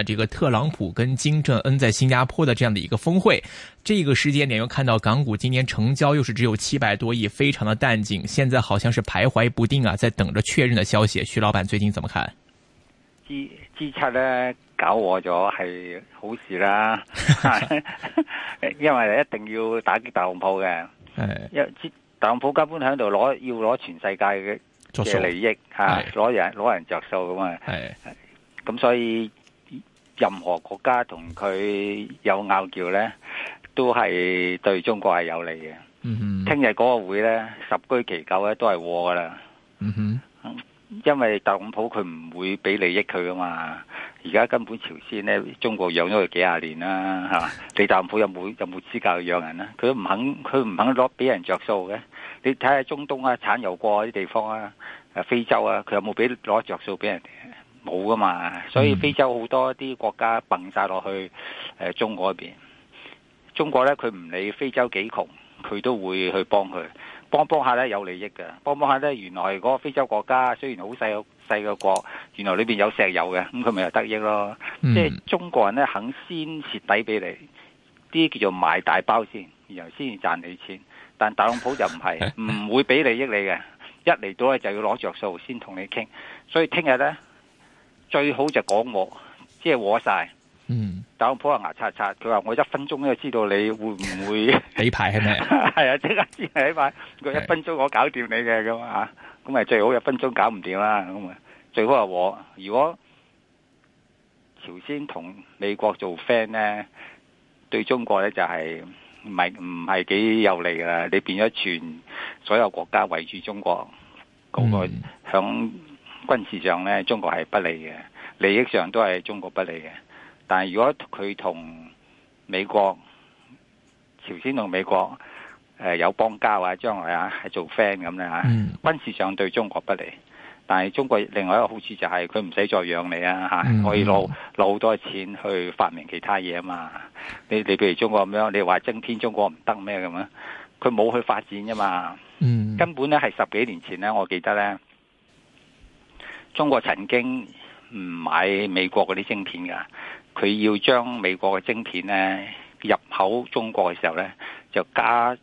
這個特朗普跟金正恩在新加坡的這樣的一個峰會，這個時間點又看到港股今天成交又是只有七百多億，非常的淡靜，現在好像是徘徊不定啊，在等着確認的消息。徐老闆最近怎麼看？G7 呢，搞我咗係好事啦， 因為一定要打擊大紅鋪嘅， 因為大紅鋪根本喺度攞要攞全世界嘅利益吓，攞人攞人着數咁啊，咁的所以。任何國家同佢有拗撬咧，都係對中國係有利嘅。聽日嗰個會咧，十居其九咧都係禍噶啦。嗯哼，因為特朗普佢唔會俾利益佢噶嘛。而家根本朝鮮咧，中國養咗佢幾廿年啦，嚇。你特朗普有冇有冇資格去養人啦？佢都唔肯，佢唔肯攞俾人著數嘅。你睇下中東啊、產油國啲地方啊、誒非洲啊，佢有冇俾攞著數俾人哋？冇噶嘛，所以非洲好多啲國家崩晒落去誒中國嗰邊。中國咧佢唔理非洲幾窮，佢都會去幫佢。幫幫下咧有利益嘅，幫幫下咧原來嗰個非洲國家雖然好細個細個國，原來裏面有石油嘅，咁佢咪又得益咯。嗯、即係中國人咧肯先蝕底俾你，啲叫做買大包先，然後先賺你錢。但特朗普就唔係，唔 會俾利益你嘅，一嚟到咧就要攞著數先同你傾。所以聽日咧。最好就講我，即係和晒。嗯，特朗普牙刷刷，佢話我一分鐘就知道你會唔會起 牌，係咪？係 啊，即刻起牌，佢一分鐘我搞掂你嘅，咁啊。咁咪是最好一分鐘搞唔掂啦。咁啊，最好係和。如果朝鮮同美國做 friend 咧，對中國咧就係唔係唔係幾有利噶啦。你變咗全所有國家圍住中國，講，那個響、嗯。軍事上咧，中國係不利嘅，利益上都係中國不利嘅。但係如果佢同美國、朝鮮同美國誒、呃、有邦交啊，將來啊係做 friend 咁咧吓。啊 mm. 軍事上對中國不利，但係中國另外一個好處就係佢唔使再養你啊吓、mm. 啊，可以攞攞好多錢去發明其他嘢啊嘛。你你譬如中國咁樣，你話爭天，中國唔得咩咁樣，佢冇去發展啫嘛，mm. 根本咧係十幾年前咧，我記得咧。中國曾經唔買美國嗰啲晶片噶，佢要將美國嘅晶片咧入口中國嘅時候咧，就加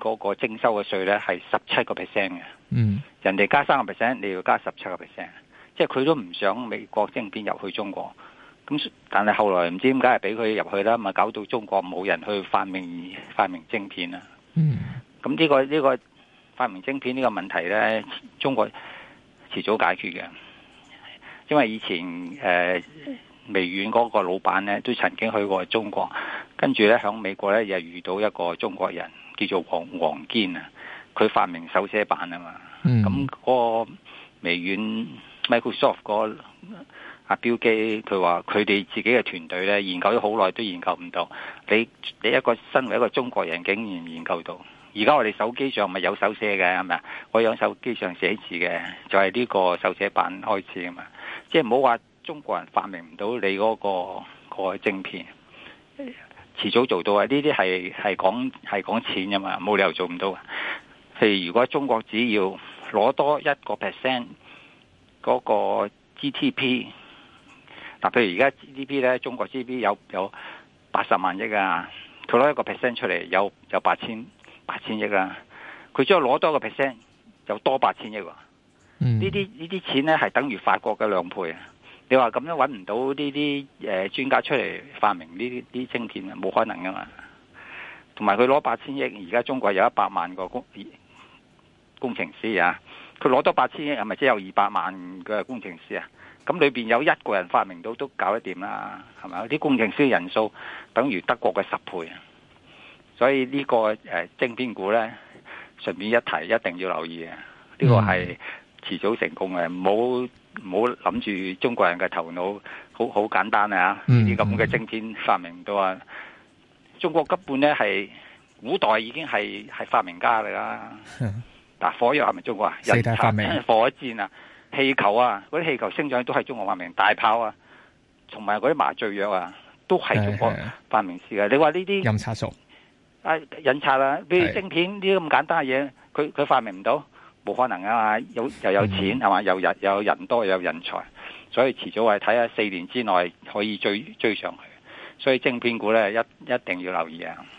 嗰個徵收嘅稅咧係十七個 percent 嘅。嗯，人哋加三個 percent，你要加十七個 percent，即係佢都唔想美國晶片入去中國。咁但係後來唔知點解係俾佢入去啦，咪搞到中國冇人去發明發明晶片啦。嗯、呢個，咁、呢、呢個呢個發明晶片呢個問題咧，中國。提早解決嘅，因為以前誒、呃、微軟嗰個老闆咧都曾經去過中國，跟住咧喺美國咧又遇到一個中國人叫做黃黃堅啊，佢發明手寫板啊嘛，咁、mm. 個微軟 Microsoft、嗰個阿標記佢話佢哋自己嘅團隊咧研究咗好耐都研究唔到，你你一個身為一個中國人竟然研究到。而家我哋手機上咪有手寫嘅係咪啊？我用手機上寫字嘅就係呢個手寫板開始啊嘛！即係唔好話中國人發明唔到你嗰個個晶片，遲早做到啊！呢啲係係講係講錢啊嘛，冇理由做唔到。譬如如果中國只要攞多一個 percent 嗰個 GDP，嗱譬如而家 GDP 咧，中國 GDP 有有八十萬億啊，佢攞一個 percent 出嚟有有八千，八千億啊，佢再攞多個 percent 就多八千億喎。呢啲呢啲錢咧係等於法國嘅兩倍啊！你話咁樣搵唔到呢啲誒專家出嚟發明呢啲啲晶片啊，冇可能噶嘛。同埋佢攞八千億，而家中國有一百萬個工工程師啊，佢攞多八千億係咪即係有二百萬嘅工程師啊？咁裏邊有一個人發明到都搞得掂啦，係咪？啲工程師嘅人數等於德國嘅十倍啊！所以呢、這個誒、呃、芯片股咧，順便一提，一定要留意嘅。呢、這個係遲早成功嘅，唔好諗住中國人嘅頭腦好好簡單啊！呢啲咁嘅芯片發明都啊，中國根本咧係古代已經係係發明家嚟啦。嗱、啊，火藥係咪中國啊？四大發明，火箭啊，氣球啊，嗰啲氣球升上都係中國發明，大炮啊，同埋嗰啲麻醉藥啊，都係中國發明史嘅。是是是你話呢啲陰差數？啊！印刷啊，譬如晶片呢啲咁簡單嘅嘢，佢佢是發明唔到，冇可能啊嘛！有又有錢係嘛？又人有人多又有人才，所以遲早係睇下四年之內可以追追上去。所以晶片股咧一一定要留意啊！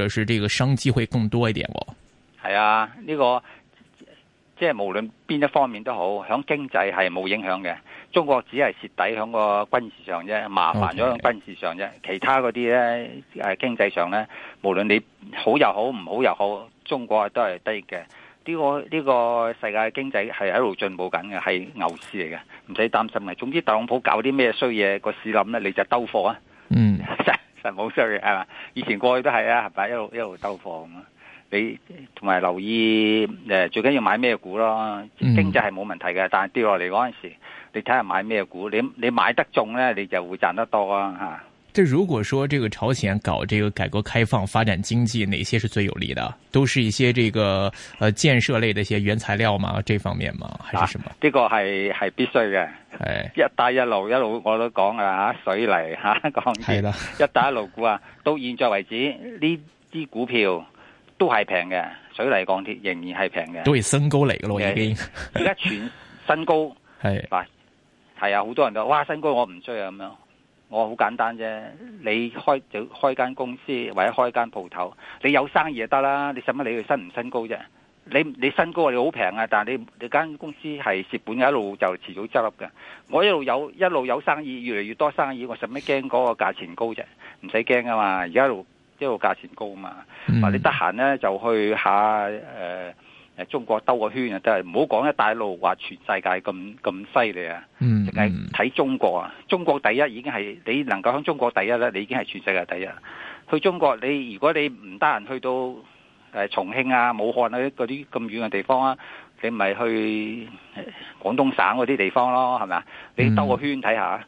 就是這個商機會更多一點哦。係啊，呢、呢個即係無論邊一方面都好，響經濟係冇影響嘅。中國只係蝕底響個軍事上啫，麻煩咗響軍事上啫。Okay. 其他嗰啲咧，誒經濟上咧，無論你好又好，唔好又好，中國都係低嘅。呢、呢個呢、呢個世界經濟係一路進步緊嘅，係牛市嚟嘅，唔使擔心嘅。總之特朗普搞啲咩衰嘢，個市諗咧你就兜貨啊。嗯。實冇事啊，以前過去都係啊，係咪一路一路兜貨啊。你同埋留意誒，最緊要買咩股咯。經濟係冇問題嘅，但係跌落嚟嗰陣時，你睇下買咩股，你你買得中咧，你就會賺得多啊吓。即係如果說這個朝鮮搞這個改革開放發展經濟，哪些是最有利的？都是一些這個，呃，建設類的一些原材料嘛，這方面嘛，還是什麼？啊、呢個係係必須嘅，係是一帶一路一路我都講啦，水泥吓鋼、啊、鐵，的一帶一路股啊，到現在為止呢啲股票都係平嘅，水泥鋼鐵仍然係平嘅，都係新高嚟嘅咯，Okay. 已經而家全新高係，嗱係是啊，好多人都話哇新高我唔追啊咁樣。我好簡單啫，你開就開間公司或者開間鋪頭，你有生意就得啦。你使乜理佢新唔新高啫？你你新高，你好平啊。但係你你間公司係蝕本嘅一路就遲早執笠嘅。我一路有一路有生意，越嚟越多生意，我使乜驚嗰個價錢高啫？唔使驚啊嘛，而家一路一路價錢高啊嘛。嗱、嗯，你得閒咧就去下誒。呃誒，中國兜個圈啊，係係唔好講大陸話全世界咁咁犀利啊，淨係睇中國啊。中國第一已經係你能夠響中國第一咧，你已經係全世界第一。去中國你如果你唔得閒去到誒重慶啊、武漢啊嗰啲咁遠嘅地方啊，你咪去廣東省嗰啲地方咯，係咪啊？你兜個圈睇下，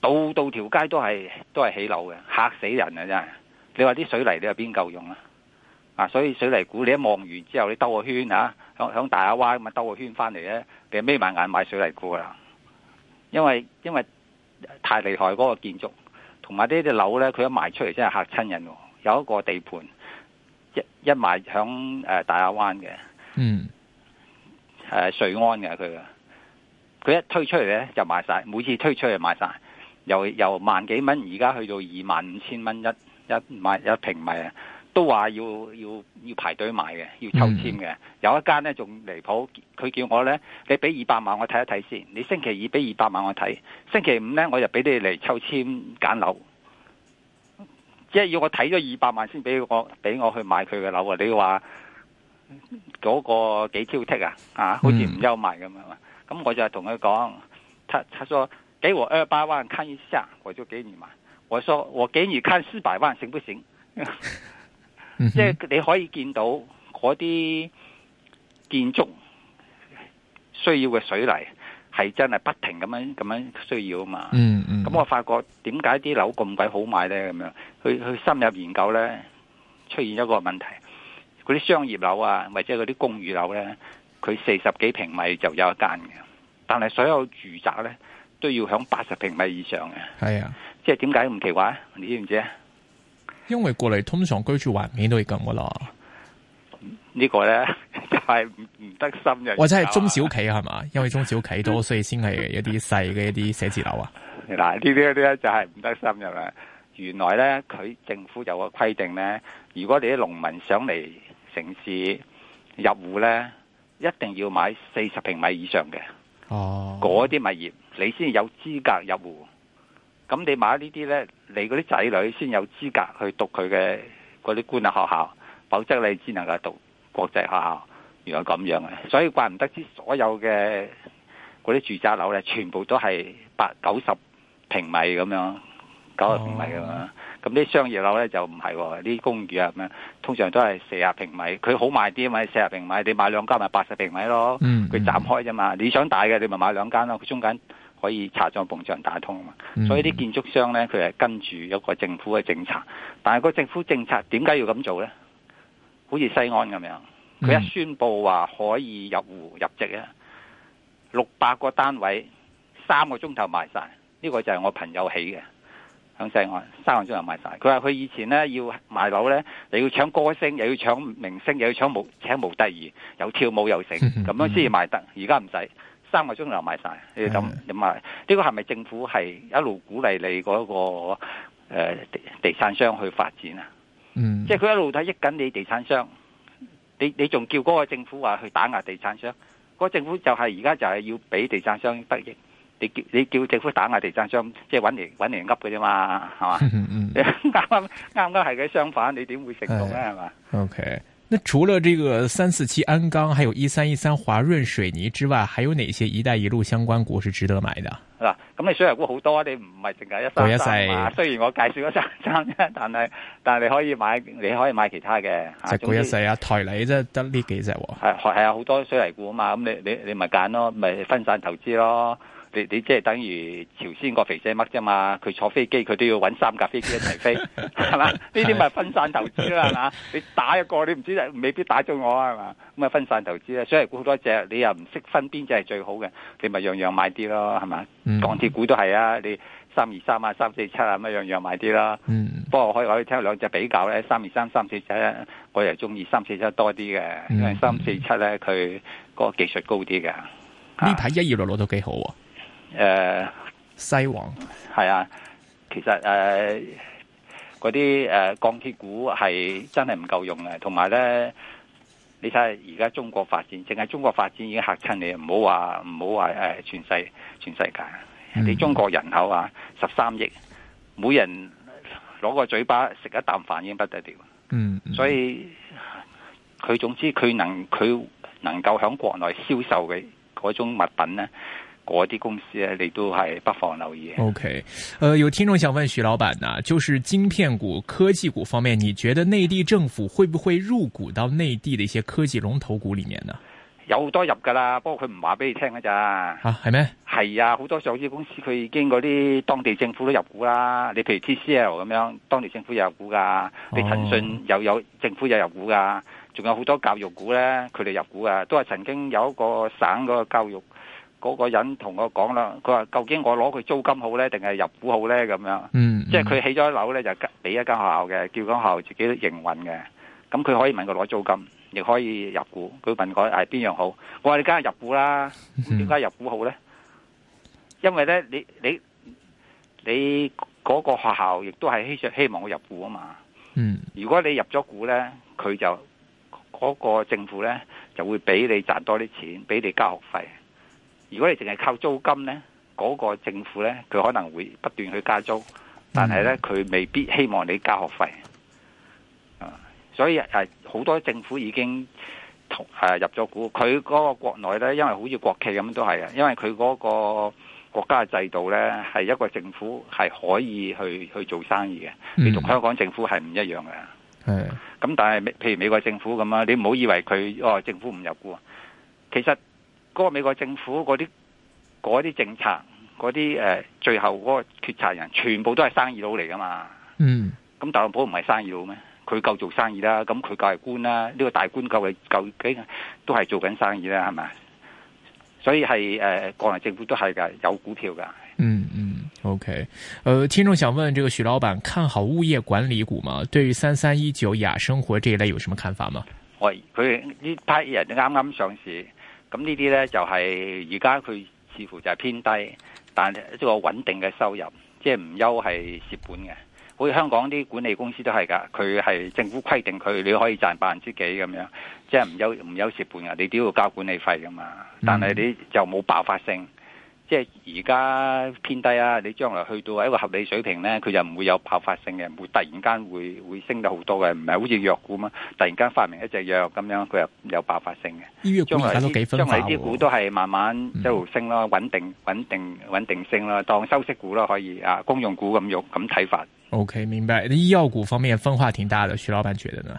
到到條街都係都係起樓嘅，嚇死人啊！真係，你話啲水泥你有邊夠用啊？啊！所以水泥股你一望完之後，你兜個圈啊，響響大亞灣咁樣兜個圈翻嚟咧，你眯埋眼買水泥股啦。因為因為太厲害嗰個建築，同埋呢啲樓咧，佢一賣出嚟真係嚇親人。有一個地盤，一一賣響大亞灣嘅，嗯，係、啊、瑞安嘅佢佢一推出嚟咧就賣晒，每次推出嚟賣晒，由由萬幾蚊而家去到二萬五千蚊一一一平米啊！都話要要要排隊買嘅，要抽簽嘅。有一間呢，仲離譜，佢叫我呢，你俾二百萬我睇一睇先。你星期二俾二百萬我睇，星期五呢，我就俾你嚟抽簽揀樓。即係要我睇咗二百萬先俾我俾我去買佢嘅樓。你話嗰、那個幾挑剔啊？啊，好似唔憂賣咁樣嘛。咁、嗯、我就同佢講：，他他說，給我二百萬看一下，我就給你買。我說：我給你看四百萬，行不行？ 即係你可以見到嗰啲建築需要嘅水泥係真係不停咁樣咁樣需要啊嘛。嗯嗯。咁我發覺點解啲樓咁鬼好賣咧？咁樣去去深入研究咧，出現咗一個問題，嗰啲商業樓啊，或者嗰啲公寓樓咧，佢四十幾平米就有一間嘅，但係所有住宅咧都要響八十平米以上嘅。係是啊，即係點解咁奇怪啊？你知唔知啊？因為過嚟通常居住環境都會咁噶啦，個呢個咧就係唔唔得深入，或者係中小企係嘛？ 因為中小企多，所以先係一啲細嘅一啲寫字樓啊。嗱呢啲呢就係唔得深入啦。原來咧佢政府有個規定咧，如果你啲農民想嚟城市入戶咧，一定要買四十平米以上嘅。哦，嗰啲物業你先有資格入戶。咁你買呢啲咧，你嗰啲仔女先有資格去讀佢嘅嗰啲官立學校，否則你只能夠讀國際學校。原來咁樣嘅，所以怪唔得知所有嘅嗰啲住宅樓咧，全部都係八九十平米咁樣，九十平米咁樣。咁啲、oh. 商業樓咧就唔係、哦，啲公寓啊咁樣，通常都係四十平米。佢好賣啲啊嘛，四十平米，你買兩間咪八十平米咯。佢斬、mm hmm. 開啫嘛，你想大嘅你咪買兩間咯，佢中間。可以拆裝、膨脹、打通啊嘛，所以啲建築商咧佢係跟住一個政府嘅政策，但係個政府政策點解要咁做咧？好似西安咁樣，佢一宣佈話可以入戶入籍啊，六百個單位三個鐘頭賣晒，呢、這個就係我朋友起嘅，響西安三個鐘頭賣晒。佢話佢以前咧要賣樓咧，你要搶歌星，又要搶明星，又要搶模搶模特兒，又跳舞又成，咁樣先至賣得。而家唔使。三個鐘就埋晒，你諗諗下，呢個係咪政府係一路鼓勵你嗰、嗰個、呃、地地產商去發展啊？嗯，mm. 即係佢一路都益緊你地產商，你你仲叫嗰個政府話去打壓地產商，嗰、嗰個政府就係而家就係要俾地產商得益，你叫你叫政府打壓地產商，即係揾嚟揾嚟噏嘅啫嘛，係嘛？啱啱啱啱係嘅，相反，你點會成功啊？係嘛？O K。Okay. 那除了這個三四七鞍鋼，還有一三一三華潤水泥之外，還有哪些一帶一路相關股是值得買的？嗱，咁你水泥股好多啊，你唔係淨係一三三個一，雖然我介紹一三三，但係但係你可以買，你可以買其他嘅。就貴一世啊，台泥都得呢幾隻。係係有好多水泥股啊嘛，咁你你你咪揀咯，咪分散投資咯。你你即係等於朝鮮個肥仔乜啫嘛？佢坐飛機佢都要搵三架飛機一齊飛，係嘛？ 呢啲咪分散投資啦，係嘛？你打一個你唔知，未必打中我啊，係嘛？咁啊分散投資啦，所以估好多隻，你又唔識分邊隻係最好嘅，你咪樣樣買啲咯，係嘛？嗯、鋼鐵股都係啊，你三二三啊、三四七啊，乜樣樣買啲啦。嗯。不過可以可以聽下兩隻比較咧，三二三、三四七，我又中意三四七多啲嘅，嗯、因為三四七咧佢個技術高啲嘅。呢睇一二六攞到幾好啊！誒，呃、西王係啊，其實誒，嗰啲誒鋼鐵股係真係唔夠用嘅，同埋咧，你睇下而家中國發展，淨係中國發展已經吓親你，唔好話唔好話誒，全世全世界，你中國人口啊十三億，每人攞個嘴巴食一啖飯已經不得了，嗯，所以佢總之佢能佢能夠喺國內銷售嘅嗰種物品咧。嗰啲公司咧，你都係不妨留意。OK，誒、呃，有聽眾想問徐老闆啊，就是芯片股、科技股方面，你覺得內地政府會不會入股到內地的一些科技龍頭股裏面呢？有好多入噶啦，不過佢唔話俾你聽噶咋。啊，係咩？係啊，好多上市公司佢已經嗰啲當地政府都入股啦。你譬如 TCL 咁樣，當地政府有入股噶。哦、你騰訊又有政府有入股噶，仲有好多教育股咧，佢哋入股啊，都係曾經有一個省嗰個教育。嗰個人同我講啦，佢話究竟我攞佢租金好咧，定係入股好咧咁樣？嗯，即係佢起咗樓咧，就俾一間學校嘅，叫嗰間學校自己營運嘅。咁佢可以問佢攞租金，亦可以入股。佢問我係邊樣好？我話你梗係入股啦。點解、嗯、入股好咧？因為咧，你你你嗰個學校亦都係希望望我入股啊嘛。嗯，如果你入咗股咧，佢就嗰、嗰個政府咧就會俾你賺多啲錢，俾你交學費。如果你淨係靠租金呢，嗰、嗰個政府呢，佢可能會不斷去加租，但係呢，佢、嗯、未必希望你加學費、啊。所以誒好、啊、多政府已經同、啊、入咗股，佢嗰個國內呢，因為好似國企咁都係啊，因為佢嗰個國家嘅制度呢，係一個政府係可以去去做生意嘅，你同香港政府係唔一樣嘅。咁、嗯、但係譬如美國政府咁啊，你唔好以為佢、哦、政府唔入股，其實。嗰個美國政府嗰啲啲政策，嗰啲誒最後嗰個決策人，全部都係生意佬嚟噶嘛？嗯。咁特朗普唔係生意佬咩？佢夠做生意啦，咁佢夠係官啦。呢、這個大官夠係究竟？都係做緊生意啦，係咪？所以係誒，國、呃、內政府都係噶，有股票噶、嗯。嗯嗯，OK。呃，聽眾想問，這個徐老闆看好物業管理股嘛？對於三三一九雅生活這一類，有什麼看法嗎？喂、哎，佢呢批人啱啱上市。咁呢啲咧就係而家佢似乎就係偏低，但係一個穩定嘅收入，即係唔憂係蝕本嘅。好似香港啲管理公司都係㗎，佢係政府規定佢你可以賺百分之幾咁樣，即係唔憂唔憂蝕本嘅，你都要交管理費㗎嘛。但係你就冇爆發性。即係而家偏低啊！你將來去到一個合理水平咧，佢又唔會有爆發性嘅，唔會突然間會會升到好多嘅，唔係好似藥股嘛，突然間發明一隻藥咁樣，佢又有爆發性嘅。醫藥將來，將來啲、哦、股都係慢慢一路升咯，穩定、穩、嗯、定、穩定性啦，當收息股咯，可以啊，公用股咁用咁睇法。O、okay, K，明白。醫藥股方面分化挺大的，徐老闆覺得呢？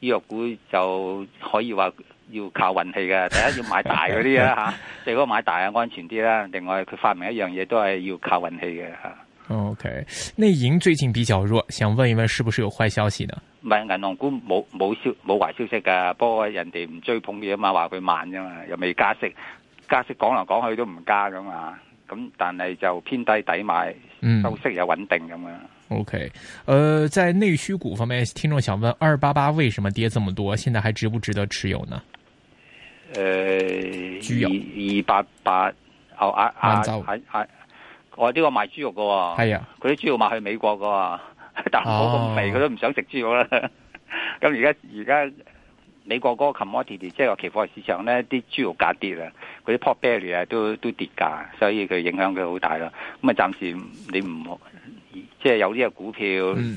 醫藥股就可以話。要靠運氣嘅，第一要買大嗰啲啦嚇，即係嗰個買大啊，安全啲啦。另外佢發明一樣嘢都係要靠運氣嘅嚇。O、okay, K. 內銀最近比較弱，想問一問，是不是有壞消息呢？唔係銀行股冇冇消冇壞消息㗎，不過人哋唔追捧嘢啊嘛，話佢慢啫嘛，又未加息，加息講嚟講去都唔加㗎嘛。咁但係就偏低抵買，收、嗯、息又穩定咁樣。O、okay, K. 呃，在內需股方面，聽眾想問：二八八為什麼跌咁多？現在還值不值得持有呢？誒，豬、呃、油二八八，牛、哦、啊週啊喺喺，我、啊、呢、啊啊啊啊啊這個賣豬肉嘅、哦，係啊，佢啲豬肉賣去美國嘅，但係冇咁肥，佢都唔想食豬肉啦。咁而家而家美國嗰個 commodity，即係個期貨市場咧，啲豬肉價跌啦，啲 pork belly 啊都都,都跌價，所以佢影響佢好大咯。咁啊，暫時你唔即係有呢個股票。嗯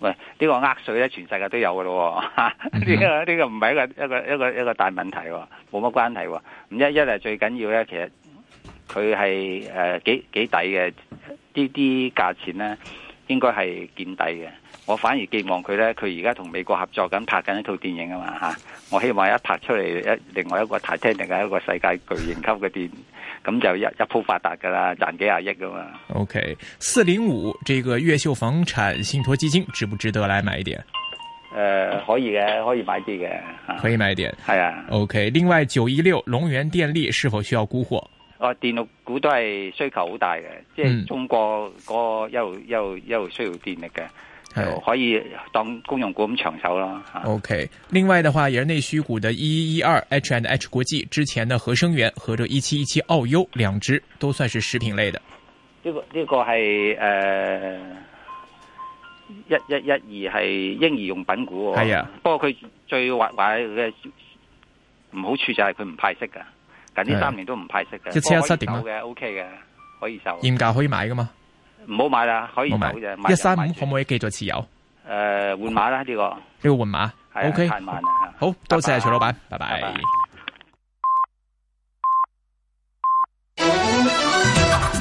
喂，呢個呃稅咧，全世界都有噶咯，呢個呢個唔係一個一個一個一個大問題喎，冇乜關係喎。唔一一係最緊要咧，其實佢係誒幾幾抵嘅，呢啲價錢咧應該係見底嘅。我反而寄望佢咧，佢而家同美國合作緊拍緊一套電影嘛啊嘛吓，我希望一拍出嚟一另外一個 Titanic 係一個世界巨型級嘅電影。咁就一一鋪發達噶啦，賺幾廿億噶嘛。OK，四零五這個越秀房產信託基金值不值得來買一點？誒、呃，可以嘅，可以買啲嘅，可以買一點，係啊。OK，另外九一六龍源電力是否需要沽貨？哦、啊，電力股都係需求好大嘅，即係中國嗰個一路一路一路需要電力嘅。可以當公用股咁長守咯。OK，另外的話，也是內需股的、e ER,，一、一、一、二，H and H 國際，之前的合生元和這一七一七澳優，兩支都算是食品類的。呢、這個呢、這個係誒，一、呃、一、一、二係嬰兒用品股、哦。係啊呀，不過佢最壞壞嘅唔好處就係佢唔派息噶，近呢三年都唔派息嘅。只一七點嘅。OK 嘅，可以受。現價可以買噶嘛？唔好買啦，可以買。一三五可唔可以繼續 13 5 了持有？誒、呃，換碼啦呢個呢個換碼。對 o okay, K，okay, 好多謝徐拜老闆，拜拜。拜拜